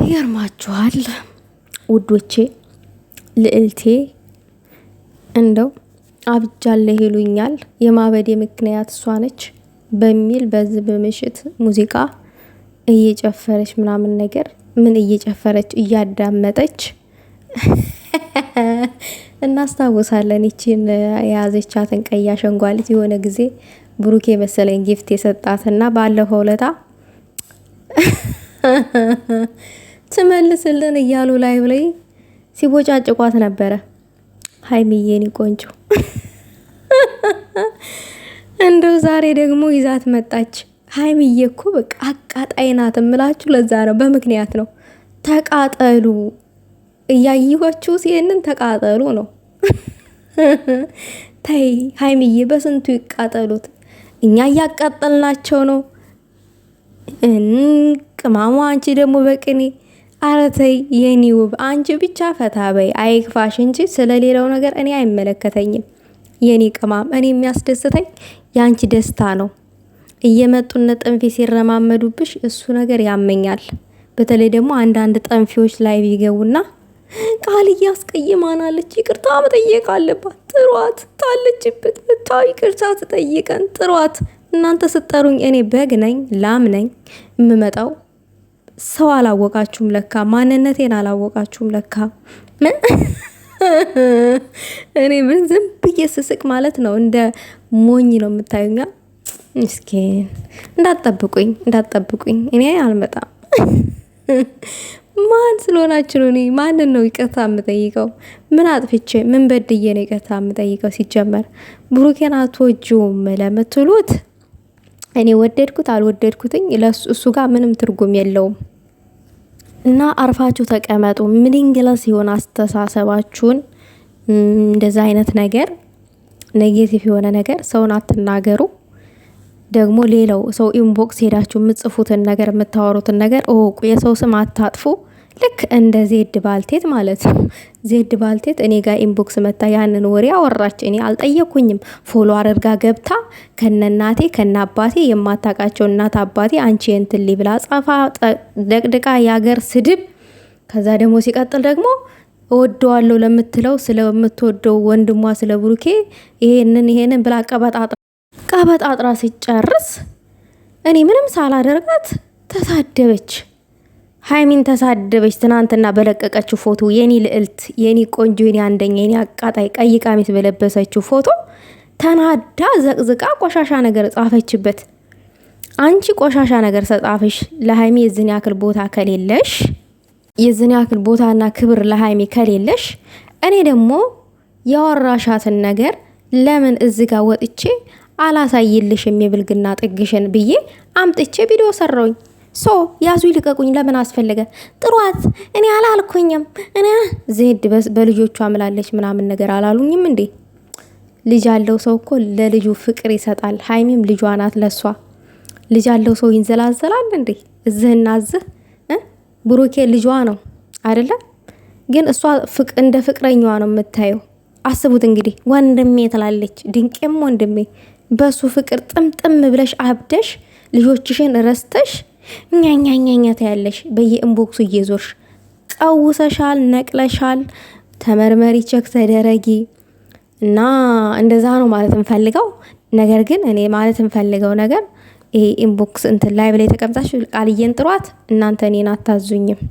ይገርማችኋል ውዶቼ ልዕልቴ እንደው አብጃለ ይሉኛል የማበዴ ምክንያት እሷ ነች በሚል በዚህ በምሽት ሙዚቃ እየጨፈረች ምናምን ነገር ምን እየጨፈረች እያዳመጠች እናስታውሳለን። ይቺን የያዘቻትን ቀይ አሸንጓሊት የሆነ ጊዜ ብሩኬ መሰለኝ ጊፍት የሰጣትና ባለፈው ለታ ትመልስልን እያሉ ላይ ላይ ሲቦጫጭቋት ነበረ። ሀይሚዬን ቆንጆ እንደው ዛሬ ደግሞ ይዛት መጣች። ሀይሚዬ እኮ በቃ አቃጣይ ናት እምላችሁ። ለዛ ነው በምክንያት ነው። ተቃጠሉ እያየኋችሁ ሲሄንን ተቃጠሉ ነው። ታይ ሀይሚዬ በስንቱ ይቃጠሉት። እኛ እያቃጠልናቸው ነው። ቅማሙ አንቺ ደግሞ በቅኔ አረተይ የኔ ውብ አንቺ ብቻ ፈታ በይ አይክፋሽ እንጂ ስለ ሌላው ነገር እኔ አይመለከተኝም። የኔ ቅማም እኔ የሚያስደስተኝ የአንቺ ደስታ ነው። እየመጡነ ጥንፊ ሲረማመዱብሽ እሱ ነገር ያመኛል። በተለይ ደግሞ አንዳንድ ጠንፌዎች ላይ ቢገቡና ቃል እያስቀይማናለች ይቅርታ መጠየቅ አለባት። ጥሯት ታለችበት ብታዊ ይቅርታ ትጠይቀን ጥሯት። እናንተ ስጠሩኝ እኔ በግ ነኝ ላም ነኝ የምመጣው ሰው አላወቃችሁም ለካ፣ ማንነቴን አላወቃችሁም ለካ። እኔ ምን ዝም ብዬ ስስቅ ማለት ነው። እንደ ሞኝ ነው የምታዩኛ። ምስኪን እንዳትጠብቁኝ፣ እንዳትጠብቁኝ። እኔ አልመጣም። ማን ስለሆናችሁ ነው? እኔ ማንን ነው ይቅርታ የምጠይቀው? ምን አጥፍቼ ምን በድዬ ነው ይቅርታ የምጠይቀው? ሲጀመር ብሩኬን አትወጂውም ለምትሉት እኔ ወደድኩት አልወደድኩትኝ እሱ ጋር ምንም ትርጉም የለውም። እና አርፋችሁ ተቀመጡ። ሚኒንግለስ የሆነ አስተሳሰባችሁን እንደዛ አይነት ነገር ኔጌቲቭ የሆነ ነገር ሰውን አትናገሩ። ደግሞ ሌላው ሰው ኢንቦክስ ሄዳችሁ የምትጽፉትን ነገር የምታወሩትን ነገር እወቁ። የሰው ስም አታጥፉ። ልክ እንደ ዜድ ባልቴት ማለት ነው። ዜድ ባልቴት እኔ ጋር ኢንቦክስ መታ ያንን ወሬ አወራች። እኔ አልጠየኩኝም። ፎሎ አድርጋ ገብታ ከነ እናቴ ከነ አባቴ የማታውቃቸው እናት አባቴ አንቺ የንትሊ ብላ ጻፋ ደቅድቃ የአገር ስድብ። ከዛ ደግሞ ሲቀጥል ደግሞ እወደዋለሁ ለምትለው ስለምትወደው ወንድሟ ስለ ብሩኬ ይሄንን ይሄንን ብላ ቀበጣጥራ ቀበጣጥራ ሲጨርስ እኔ ምንም ሳላደርጋት ተሳደበች። ሀይሚን ተሳደበች ትናንትና በለቀቀችው ፎቶ የኔ ልዕልት፣ የኔ ቆንጆ፣ የኔ አንደኛ፣ የኔ አቃጣይ ቀይ ቀሚስ በለበሰችው ፎቶ ተናዳ ዘቅዝቃ ቆሻሻ ነገር ጻፈችበት። አንቺ ቆሻሻ ነገር ተጻፈሽ ለሀይሚ የዝን ያክል ቦታ ከሌለሽ የዝን ያክል ቦታና ክብር ለሀይሚ ከሌለሽ እኔ ደግሞ ያወራሻትን ነገር ለምን እዚ ጋር ወጥቼ አላሳይልሽ የሚብልግና ጥግሽን ብዬ አምጥቼ ቪዲዮ ሰራውኝ። ሶ ያዙ ይልቀቁኝ ለምን አስፈለገ? ጥሯት እኔ አላልኩኝም። እኔ ዝድ በልጆቿ ምላለች ምናምን ነገር አላሉኝም እንዴ? ልጅ ያለው ሰው እኮ ለልጁ ፍቅር ይሰጣል። ሀይሚም ልጇ ናት ለሷ። ልጅ ያለው ሰው ይንዘላዘላል እንዴ? እዝህና እዝህ ብሩኬ ልጇ ነው አይደለም? ግን እሷ እንደ ፍቅረኛዋ ነው የምታየው። አስቡት እንግዲህ ወንድሜ ትላለች፣ ድንቄም ወንድሜ። በሱ ፍቅር ጥምጥም ብለሽ አብደሽ ልጆችሽን ረስተሽ እኛኛኛኛ ያለሽ በየኢንቦክሱ እየዞርሽ ቀውሰሻል፣ ነቅለሻል፣ ተመርመሪ፣ ቸክ ተደረጊ እና እንደዛ ነው ማለት እንፈልገው ነገር ግን እኔ ማለት እንፈልገው ነገር ይሄ ኢንቦክስ እንትን ላይ ብላ የተቀምጣችሁ ቃልዬን ጥሯት። እናንተ እኔን አታዙኝም።